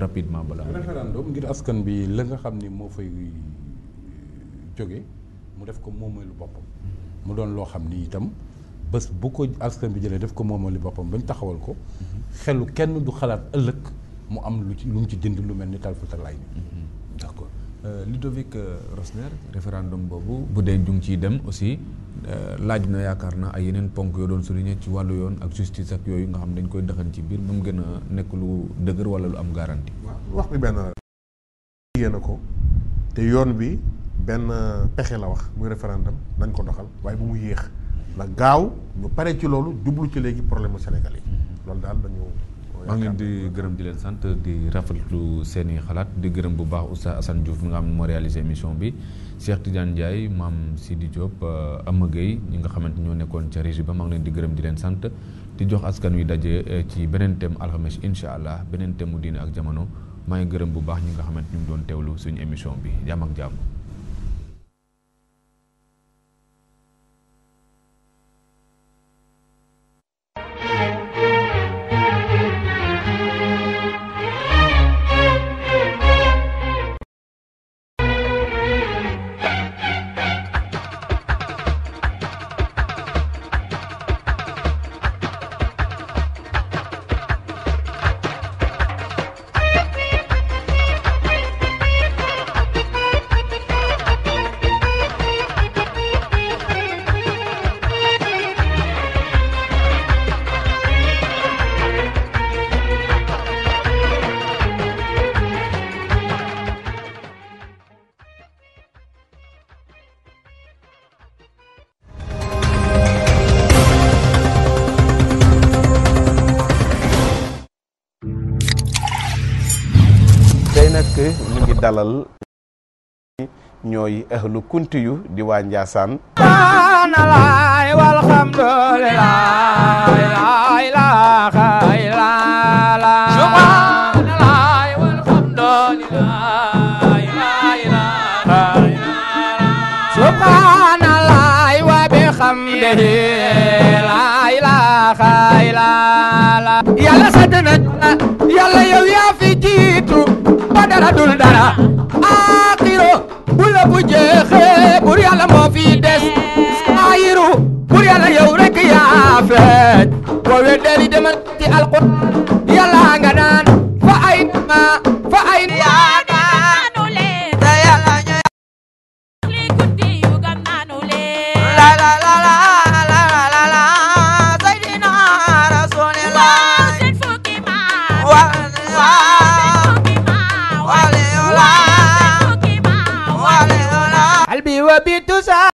rapidement balaa. référendum ngir askan bi la nga xam ne moo fay euh, jóge mu def ko moomeelu boppam. mu doon loo xam ni itam bés bu ko askan bi jëlee def ko moomeelu boppam bañ taxawal ko. Mhm. xelu kenn du xalaat ëllëg mu am lu ci lu mu ci dindi lu mel ni tal fu Euh, Ludovic euh, Rosner référendum boobu bu dee ñu ciy dem aussi euh, laaj na yaakaar na ay yeneen ponk yoo doon souligné ci wàllu yoon ak justice ak yooyu nga xam dañ koy dëxan ci biir ba mu gën a nekk lu dëgër wala lu am garanti. waaw wax bi benn la. yéen a ko te yoon bi benn pexe la wax muy référendum dañ ko doxal waaye bu mu yéex. la gaaw ñu paree ci loolu jublu ci léegi problème mu Sénégal yi. Mm-hmm. loolu daal dañu. maa ngi leen di gërëm di leen sant di rafetlu seen i xalaat di gërëm bu baax Oustaz Assane Diouf mi nga xam ne moo réalisé émission bi Cheikh Tidiane Ndiaye maam Sidi Diop euh, Ama Gueye ñi nga xamante ñoo nekkoon ca régie ba maa ngi leen di gërëm di leen sant di jox askan wi daje euh, ci beneen thème alxames incha allah beneen thème mu diine ak jamono maa ngi gërëm bu baax ñi nga xamante ñu ngi doon teewlu suñu émission bi jàmm ak jàmm. nag ñu ngi dalal ñooy ahlu kunti yu di waa Njaasaan laay walhamdulilah yàlla sant nañ yàlla yow yaa fi amul dara aaxiro bu la bu jeexee bur yàlla moo fi des aayiru bur yàlla yow rek yaa feet boo weddee li وبتسعى